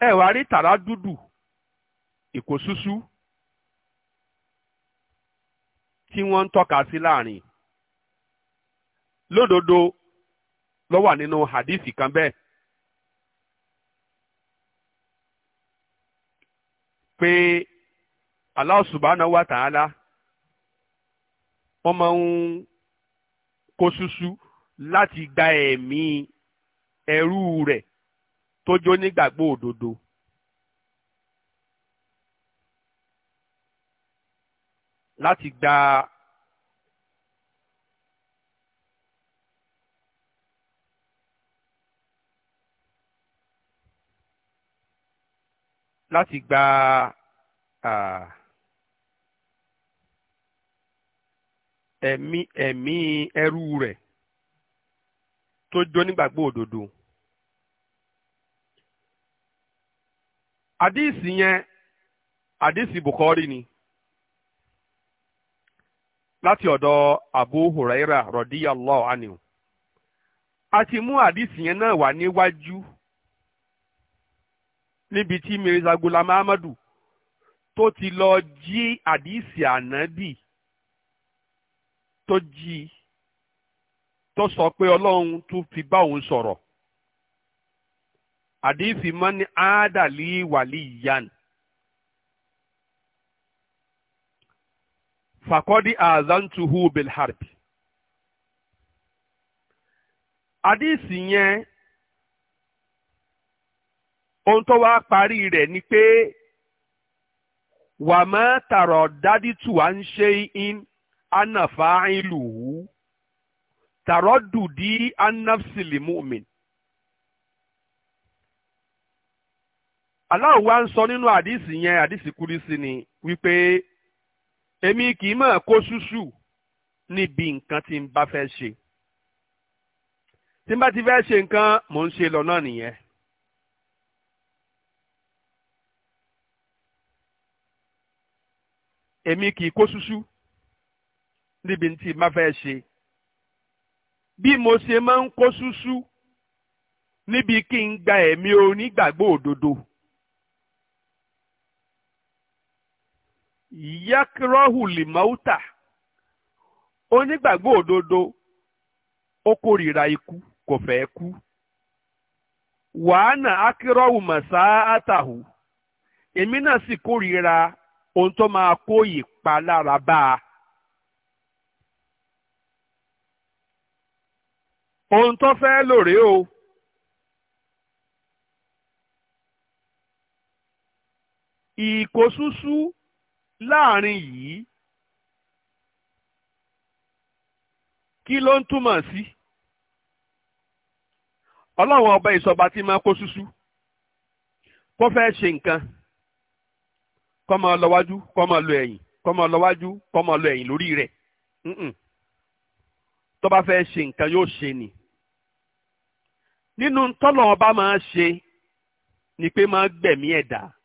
ewari tara dudu ikosusu ti won n tọka si laarin lododo lo wa ninu hadisi kan bẹẹ pe alaosubana wa taala wọn ma kosusu lati gba ẹmi ẹru rẹ. E tó jó nígbàgbọ́ òdodo. láti gba láti gba ẹ̀mí ẹ̀mí ẹrú rẹ̀ tó jó nígbàgbọ́ òdodo. àdíìsì yẹn àdíìsì Bukhari ni láti ọdọ Abu Huraira radiyallahu anhu a ti mú àdíìsì yẹn náà wa níwájú níbi tí Mirza Gulam Ahmadu tó ti lọ jí àdíìsì ànábì tó jí tó sọ pé Ọlọ́run tún fi bá òun sọ̀rọ̀ àdìsí mọ́ni áádàlí wàlíyàn. fàkọ́dí àzántuhu bilharbi. àdìsí yẹn ohun tó wá parí rẹ̀ ni pé wà má tààrọ̀ dádìtù à ń ṣe in ànàfà ìlú tààrọ̀ dùdí ànàfsìlì mùmìn. Allah wa ń sọ nínú àdìsí yẹn àdìsí kúrísí ni wípé èmi kì í mọ̀ kó ṣúṣù níbi nǹkan tí n bá fẹ́ ṣe tí n bá ti fẹ́ ṣe nǹkan mò ń ṣe lọ́nà nìyẹn. èmi kì í kó ṣúṣú níbi tí n bá fẹ́ ṣe bí mo ṣe máa ń kó ṣúṣú níbi kí n gba ẹ̀mí onígbàgbọ́ òdodo. yakirahu limauta onígbàgbọ́ òdodo ó kórìíra ikú kò fẹ́ kú wàhánà akirahu màsá àtàhù èmi náà sì kórìíra ohun tó máa kó ìpalára bá a. ohun tó fẹ́ lòrè o. ìkó ṣúṣú láàrin yìí kí ló ń túmọ̀ sí ọlọ́run ọba ìsọba tí máa kó ṣúṣú kó fẹ́ ṣe nǹkan kó máa lọ wájú kó máa lọ ẹ̀yìn kó máa lọ wájú máa lọ ẹ̀yìn lórí rẹ̀ tó bá fẹ́ ṣe nǹkan yóò ṣe ni nínú tọ́lọ̀ ọba máa ṣe ni pé máa gbẹ̀mí ẹ̀dá. E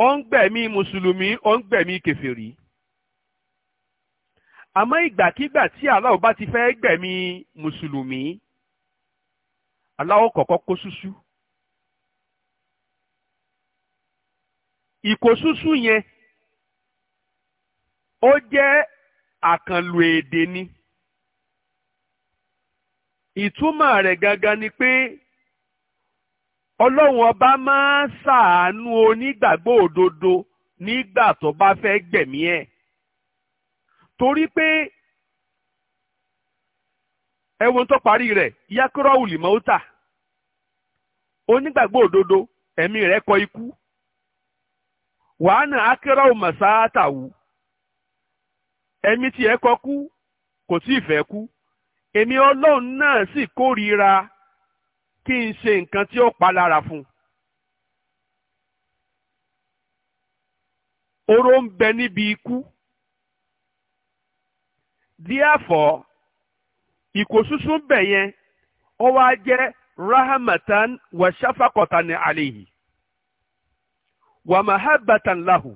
ó ń gbẹ̀mí mùsùlùmí ó ń gbẹ̀mí kèfèrí àmọ́ ìgbàkígbà tí Allah bá ti fẹ́ gbẹ̀mí mùsùlùmí Allah kọ́kọ́ kó ṣúṣú ìkó ṣúṣú yẹn ó jẹ́ àkànlò èdè ni ìtumọ̀ rẹ̀ gangan ni pé ọlọ́run ọba máa ń ṣàánú onígbàgbọ́ òdodo nígbà tó bá fẹ́ gbẹ̀mí ẹ̀ torí pé ẹwọn tó parí rẹ̀ yakoro ulimauta onígbàgbọ́ òdodo ẹ̀mí rẹ̀ kọ ikú wàhánà akérò màsáátàwù ẹ̀mí tiẹ̀ kọ kú kò tí ì fẹ́ kú èmi ọlọ́run náà sì kórìíra. kí n ṣe nǹkan tí ó pa lára fún un. oró ń bẹ níbi ikú. therefore ìkòsúsú bẹ̀ yẹn ó wá jẹ́ rahamatan wa ni alayhi wa mahabbatan lahu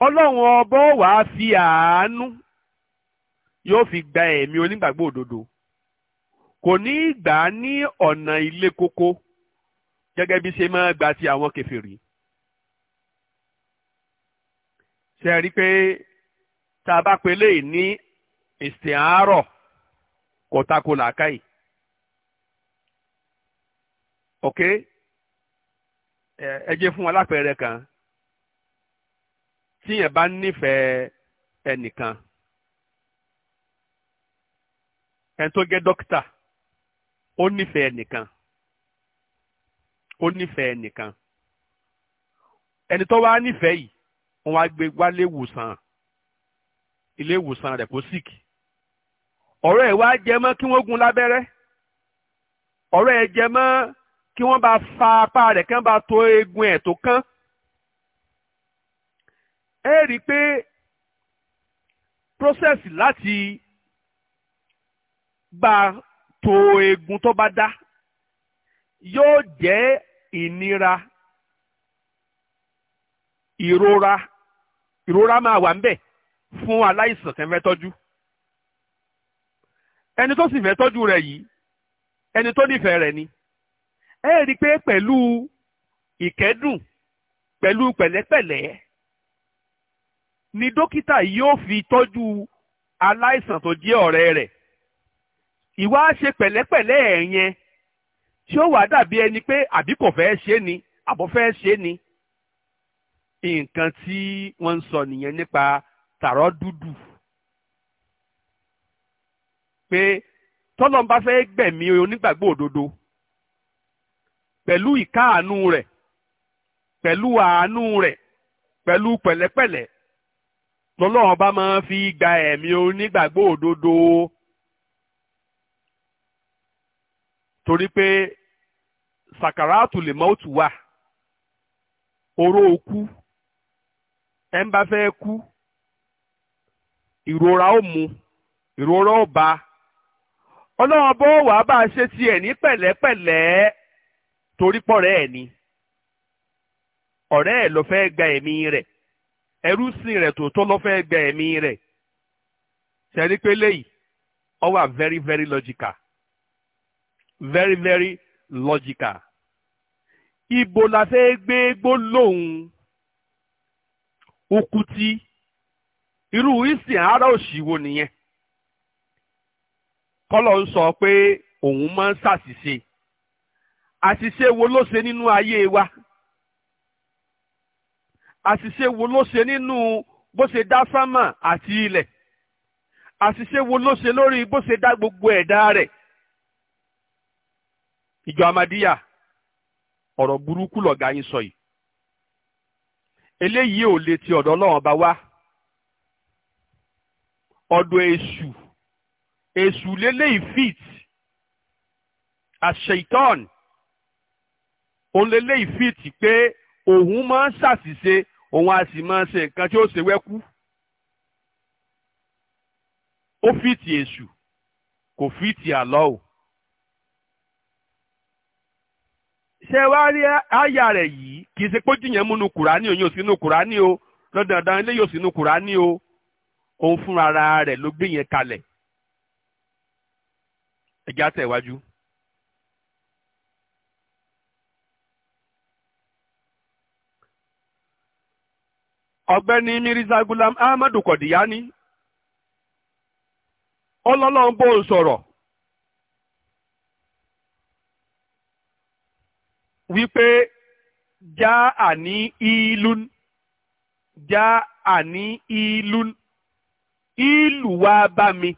ọlọ́run ọbọ̀ wàá fi àánú yóò fi gba ẹ̀mí onígbàgbọ́ òdodo. kò ní í gbà á ní ọ̀nà ilé kókó gẹ́gẹ́ bí ṣe máa gba ti àwọn kèfèrí. ṣe rí i pé tá a bá pe léyìí ní ìsìn àárọ̀ kò tako làákàyè. ok ẹ jẹ́ fún wa lápẹẹrẹ kan tíyẹn bá nífẹ̀ẹ́ ẹnìkan ẹni tó jẹ́ dókítà ó nífẹ̀ẹ́ nìkan ó nífẹ̀ẹ́ nìkan ẹni tó wá nífẹ̀ẹ́ yìí wọ́n wá gbé wálé ìwòsàn ilé ìwòsàn rẹ̀ kó síkì ọ̀rọ̀ ẹ̀ wá jẹ mọ́ kí wọ́n gún lábẹ́rẹ́ ọ̀rọ̀ ẹ̀ jẹ mọ́ kí wọ́n bá fa apá rẹ̀ kí wọ́n bá tó eegun ẹ̀ tó kán ẹ rí i pé process láti gba ààtò eegun tó bá dá yóò jẹ́ ìnira ìrora ìrora máa wà ń bẹ̀ fún aláìsàn tẹ́ fẹ́ tọ́jú ẹni tó sì fẹ́ tọ́jú rẹ̀ yìí ẹni tó nífẹ̀ẹ́ rẹ̀ ni ẹ rí i pé pẹ̀lú ìkẹ́dùn pẹ̀lú pẹ̀lẹ́pẹ̀lẹ́ ni dókítà yóò fi tọ́jú aláìsàn tó jẹ́ ọ̀rẹ́ rẹ̀ ìwà ṣe pẹ̀lẹ́pẹ̀lẹ́ ẹ̀ yẹn tí ó wàá dàbí ẹni pé àbí kò fẹ́ ṣe ni àbọ̀ fẹ́ ṣe ni nǹkan tí wọ́n ń sọ nìyẹn nípa tààrọ́ dúdú pé tọ́lọ́n bá fẹ́ gbẹ̀mí onígbàgbọ́ òdodo pẹ̀lú ìkáàánú rẹ̀ pẹ̀lú àánú rẹ̀ pẹ̀lú pẹ̀lẹ́pẹ̀lẹ́ lọ́lọ́run bá máa fi gba ẹ̀mí onígbàgbọ́ òdodo. torí pé sàkàràtù lè mọ́tù wà oró okú ẹ̀ ń bá fẹ́ kú ìrora ó mu ìrora ó ba ọlọ́run bó wà bá a ṣe tiẹ̀ ní pẹ̀lẹ́pẹ̀lẹ́ torí pọ̀rẹ́ ẹ̀ ni ọ̀rẹ́ ẹ̀ ló fẹ́ gba ẹ̀mí rẹ̀ ẹrú sìn rẹ̀ tòótọ́ ló fẹ́ gba ẹ̀mí rẹ̀ ṣẹ́rí pé léyìí ó wà very very logical. very very logical ibo la fẹ́ gbé gbólóhùn okuti irú ìsìn ara òṣìwò nìyẹn kọ́lọ̀ ń sọ pé òun máa ń ṣàṣìṣe àṣìṣe wo ló ṣe nínú ayé wa àṣìṣe wo ló ṣe nínú bó ṣe dá sámà àti ilẹ̀ àṣìṣe wo ló ṣe lórí bó ṣe dá gbogbo ẹ̀dá rẹ̀ ìjọ amadíyà ọ̀rọ̀ burúkú lọ̀gá yín sọ yìí eléyìí ò lè ti ọ̀dọ̀ ọlọ́run bá wá ọ̀dọ̀ èṣù èṣù lélẹ́yìí fit àṣeyìtọ́n òun lélẹ́yìí fit pé òun máa ń ṣàṣìṣe òun a sì máa ṣe nǹkan tí ó ṣe wẹ́kú ó fìtì èṣù kò fìtì àlọ́ o. ṣe wá rí àyà rẹ̀ yìí kì í ṣe pé jìyàn múnú kùránì òun yóò kùránì o ilé yóò sínú kùránì o òun fúnra ara rẹ̀ ló gbé yẹn kalẹ̀ ẹ̀jẹ̀ àtẹ̀wájú. ọ̀gbẹ́ni Mirza Gulam Ahmadu wípé já àní ìlún já àní ìlún ìlú wá bá mi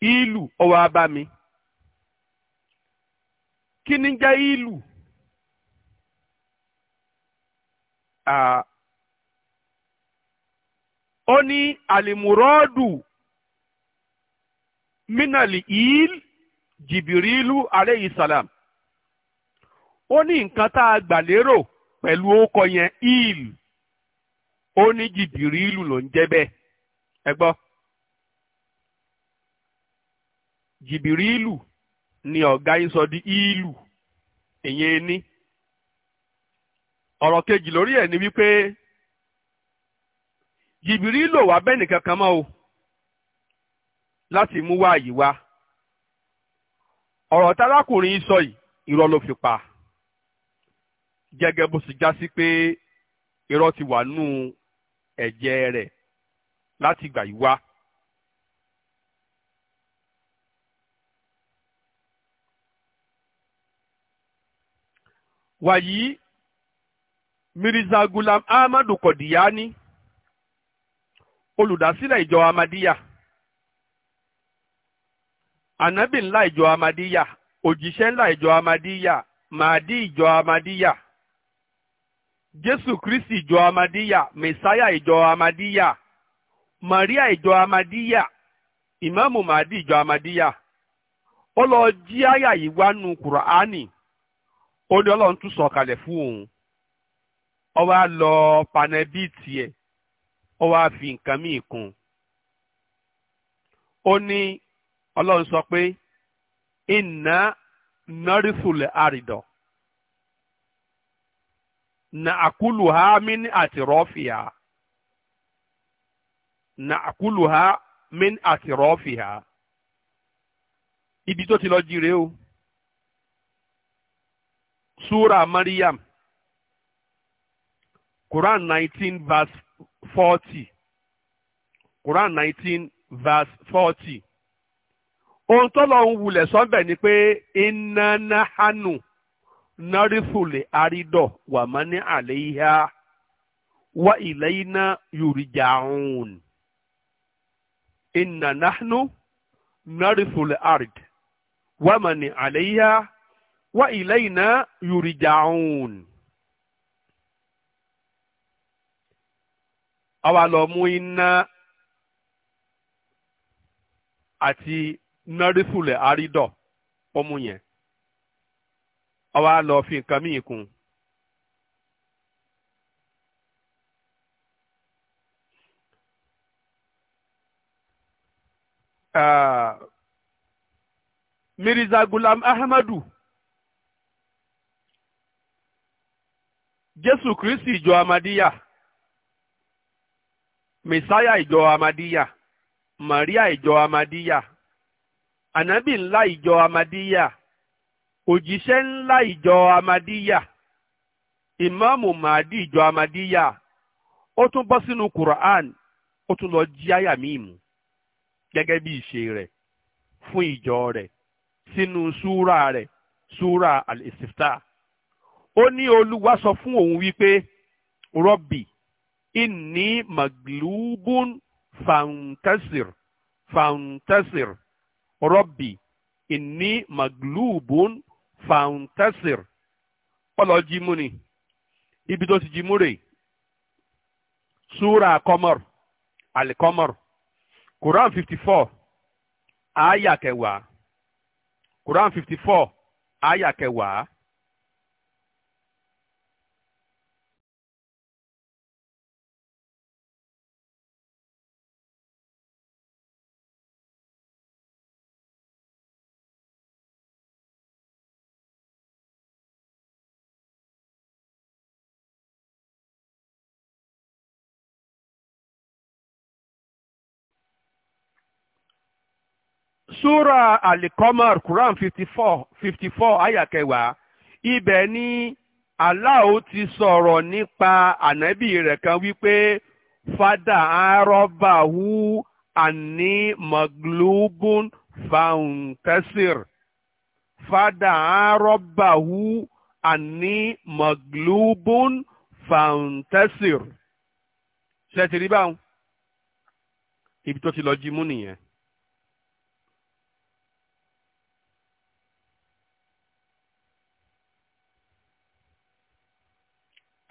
ìlú ó wá bá mi kí ni jẹ́ ìlú? ó ní àlìmúrọ́ọ̀dù mínàlì ìlú jìbìrìlù aleyhi salam ó ní nǹkan tá a gbà lérò pẹ̀lú orúkọ yẹn il ó ní jìbìrìlù ló ń jẹ́ bẹ́ẹ̀ ẹ gbọ́ jìbìrìlù ni ọ̀gá yín sọ di ìlù ìyẹn ní ọ̀rọ̀ kejì lórí ẹ̀ ni wípé jìbìrìlù wà bẹ́ẹ̀ nìkan kan mọ́ o láti mú wáyìí wá ọ̀rọ̀ tálákùnrin sọ yìí irọ́ ló fi pa gẹ́gẹ́ bó sì já sí pé irọ́ ti wà nù ẹ̀jẹ̀ rẹ̀ láti gbà yí wá. wàyí Mirza Gulam Ahmadu Kọ̀díyání olùdásílẹ̀ ìjọ Amadiya. ànábì ńlá ìjọ amadíyà òjíṣẹ́ ńlá ìjọ amadíyà màdí ìjọ amadíyà jésù kristi ìjọ amadíyà mẹsáyà maria ìjọ amadíyà ìmáàmù Maadi ìjọ amadíyà o lọ jí àyà yìí wá nu kùránì ó ní ọlọ́run tún sọ kalẹ̀ fún òun ó wá lọ panẹ́bíìtì fi nǹkan míì kún ó ọlọ́run sọ pé inna narisul àrìdọ̀ na àkúlù ha min àti rọ́fìà na àkúlù ha min àti rọ́fìà ibi tó ti lọ o sura mariam quran nineteen verse forty ohun tọ́lọ̀ ń wulẹ̀ ni pé iná nahanu narifule aridọ wà má ní àléyá wá ilẹ̀ iná yorùjáun iná nahanu narifule arid wà má ní àléyá wá ilẹ̀ iná yorùjáun. àwa lọ mú iná nọ́rífùlẹ̀ àrídọ̀ ó mú yẹn ó wá lọ fi nǹkan míì kún un. Uh, ah, Mirza Gulam Ahmadu Jésù Kristi ìjọ Amadiya Mẹsáyà ìjọ Amadiya Màríà ìjọ Amadiya ànábì ńlá ìjọ amadíyà òjíṣẹ́ ńlá ìjọ amadíyà ìmáàmù màdí ìjọ amadíyà ó tún bọ́ sínú quran ó tún lọ jí àyà míì mú gẹ́gẹ́ bí ìṣe rẹ̀ fún ìjọ rẹ̀ sínú súra rẹ̀ súra al-istifta ó ní olúwa sọ fún òun wípé rọ́bì inni maglubun fantasir fantasir rọ́bì ìní maglubun fantasir ọlọ́ jí mú ni ibi tó ti jí mú rè súra kọmọr alikọmọr quran fifty four aya kẹwàá quran fifty four aya kẹwàá. súra alikọ́mọ̀r quran fifty four fifty four ayàkẹwàá ibẹ̀ ni aláwo ti sọ̀rọ̀ nípa ànábì rẹ̀ kan wípé fada arọ́bàwú àní maglubun fauntesir fada arọ́bàwú àní maglubun fauntesir ṣe ti rí báwọn ibi tó ti lọ jí nìyẹn.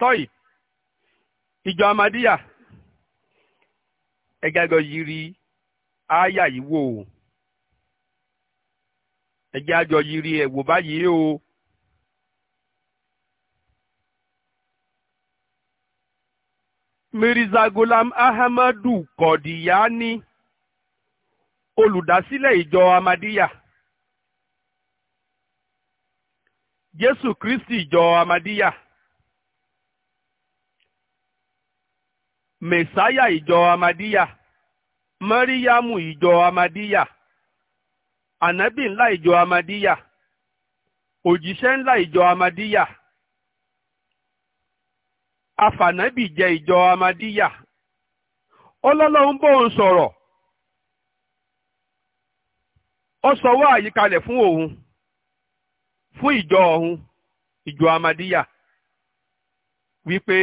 tọ́yì ìjọ amadíyà ẹ jẹ́ á lọ yiri ááyà yìí wò ó ẹ jẹ́ á jọ yiri ẹ̀ báyìí o. Mirza Ghulam Ahmadu Kọ̀dìyání olùdásílẹ̀ ìjọ amadíyà Jésù Kristi ìjọ amadíyà. mesaya ijo amadíyà mọ́ríyámù ijo amadíyà anabi nla ijo amadíyà ojise nla ijo amadíyà afànábì jẹ ìjọ amadíyà ọlọ́lọ́hún bó ń sọ̀rọ̀ ó sọ wá àyíkalẹ̀ fún òun fún ìjọ ọ̀hún ìjọ amadíyà wípé.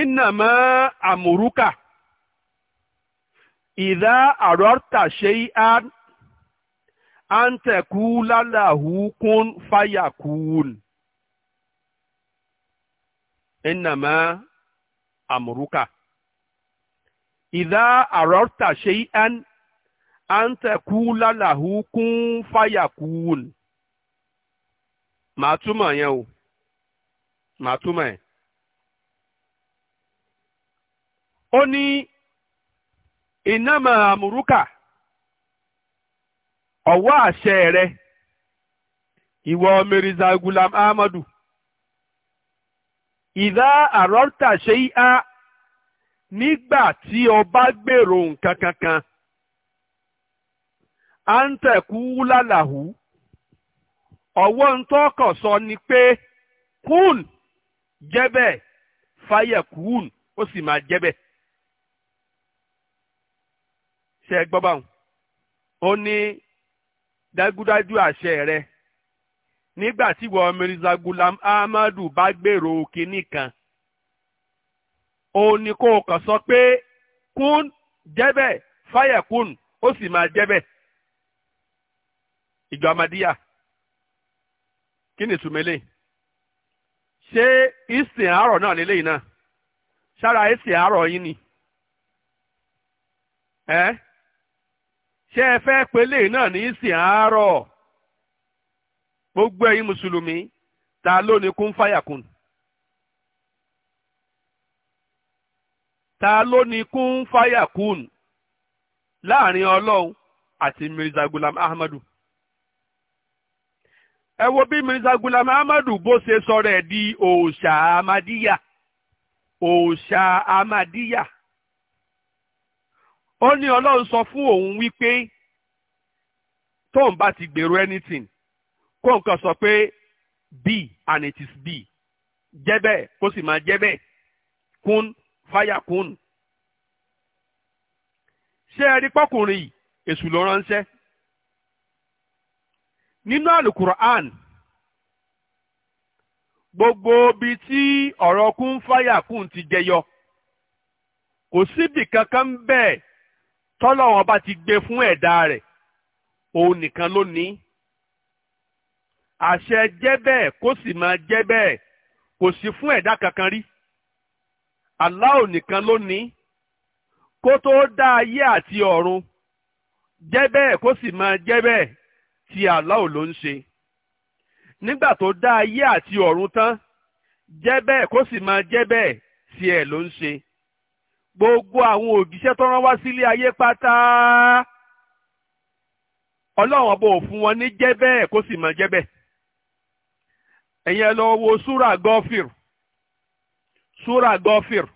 innama àmùrúkà ìdá àrọ́tà ṣe á ń tẹ̀kú lálàhù kún fàyàkùn innama àmùrúkà ìdá àrọ́tà ṣe á ń tẹ̀kú lálàhù kún fàyàkùn màá túmọ̀ yẹn o màá túmọ̀ yẹn. ó ní ìnáma àmúrúkà ọ̀wọ́ àṣẹ rẹ ìwọ Mirza Gulam Ahmadu ìdá àrọ́tà ṣe á nígbà tí o bá gbèrò nǹkan kankan à ń tẹ̀kú lálàhù ọ̀wọ́ ń tọ́kọ̀ sọ ni pé kún jẹ́bẹ̀ fáyẹ̀ ó sì máa jẹ́bẹ̀ ṣe gbọ́ báwọn ó ní dájúdájú àṣẹ rẹ nígbà tí ìwọ Mirza Gulam Ahmadu bá gbèrò kínní kan òun ni kó o kàn sọ pé kún jẹ́bẹ̀ fáyẹ̀kún ó sì máa jẹ́bẹ̀ ìjọ amadíyà kí ni ìtumọ̀ ṣé ìsìn àárọ̀ náà nílé yìí náà ṣára ìsìn àárọ̀ yín ni ṣé ẹ naa pe léyìí náà ní ìsìn àárọ̀ gbogbo ẹ̀yin mùsùlùmí ta ló ní kún fàyàkùn ta ló ní kún fàyàkùn láàrin ọlọ́run àti Mirza Gulam Ahmadu ẹ wo bí Mirza Gulam Ahmadu bó ṣe sọ ẹ̀ di òòṣà amadíyà òòṣà amadíyà ó ní ọlọ́run sọ fún òun wípé tóun bá ti gbèrò anything kó nǹkan sọ pé be and it is be jẹ́ bẹ́ẹ̀ kó sì máa jẹ́ bẹ́ẹ̀ kún fáyà kún. ṣé ẹ rí pọ́kùnrin yìí èṣù ló ránṣẹ́ nínú àlùkùránì gbogbo ibi tí ọ̀rọ̀ kún fáyà kún ti jẹyọ kò síbì kankan bẹ́ẹ̀ tọ́lọ́wọ́n bá ti gbé fún ẹ̀dá rẹ̀ òun nìkan ló ní. àṣẹ jẹ́ bẹ́ẹ̀ kó sì máa jẹ́ bẹ́ẹ̀ kò sí fún ẹ̀dá kankan rí. Allah nìkan ló ní. kó tó dá ayé àti ọ̀run jẹ́ bẹ́ẹ̀ kó sì máa jẹ́ bẹ́ẹ̀ tí Allah ló ń ṣe. nígbà tó dá ayé àti ọ̀run tán jẹ́ bẹ́ẹ̀ kó sì máa jẹ́ bẹ́ẹ̀ tí ẹ̀ ló ń ṣe gbogbo àwọn òjíṣẹ́ tó rán wá sílé ayé pátá ọlọ́run ọba ò fún wọn ní jẹ́ bẹ́ẹ̀ kó sì máa jẹ́ bẹ́ẹ̀ ẹ̀yẹn lọ wo súrà gọ́fìr súrà gọ́fìr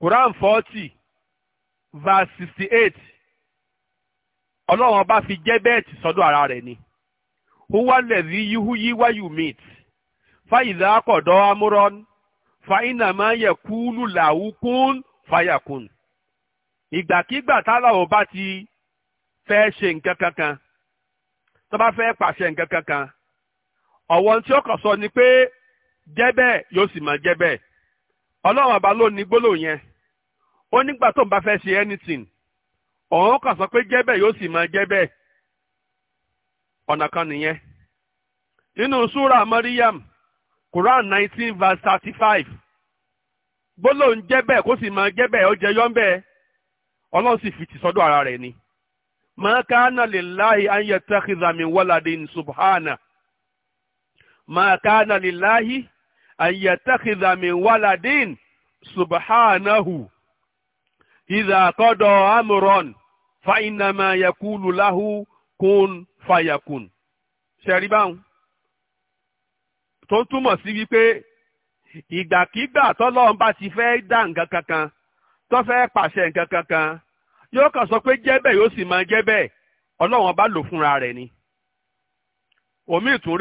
quran forty verse sixty eight ọlọ́run ọba fi jẹ́ bẹ́ẹ̀ tì sọ́dọ̀ ara rẹ̀ ni huwa lẹ́dí yíhúyí wáyù Fa fàyìlá kọ̀dọ̀ amúrọ́n fàyínàmáyẹ̀kúlù làwùkún. fáyàkùn ìgbàkigbà tálà ò bá ti fẹ́ ṣe nǹkan kankan tó bá fẹ́ pàṣẹ nǹkan kankan ọ̀wọ́n tí ó kàn sọ ni pé jẹ́bẹ̀ yóò sì mọ̀ jẹ́bẹ̀. bẹ́ẹ̀ ọlọ́run àbá ló ní gbólóhùn yẹn ó nígbà tó ń bá fẹ́ ṣe anything òun kàn sọ pé jẹ́bẹ̀ yóò sì mọ̀ jẹ́bẹ̀. bẹ́ẹ̀ ọ̀nà kan nìyẹn nínú súra Maryam Quran nineteen verse thirty five. gbólóhùn jẹ́ bẹ́ẹ̀ kó sì máa jẹ́ bẹ́ẹ̀ ó jẹ yọ́ ń bẹ́ẹ̀ ọlọ́run sì fìtì sọ́dọ̀ ara rẹ̀ ni. ma kana lillahi an yattakhidha min waladin subhana ma kana lillahi an yattakhidha min waladin subhanahu idha qada amran fa innama yaqulu lahu kun fayakun. ṣẹ̀rí báwọn tó túmọ̀ sí wípé ìgbàkígbà tọ́lọ́run bá ti fẹ́ dá nǹkan kankan tó fẹ́ pàṣẹ nǹkan kankan yóò kàn sọ pé jẹ́ yóò sì máa jẹ́ ọlọ́run ọba lò fúnra rẹ̀ ni. omi ìtúrẹ́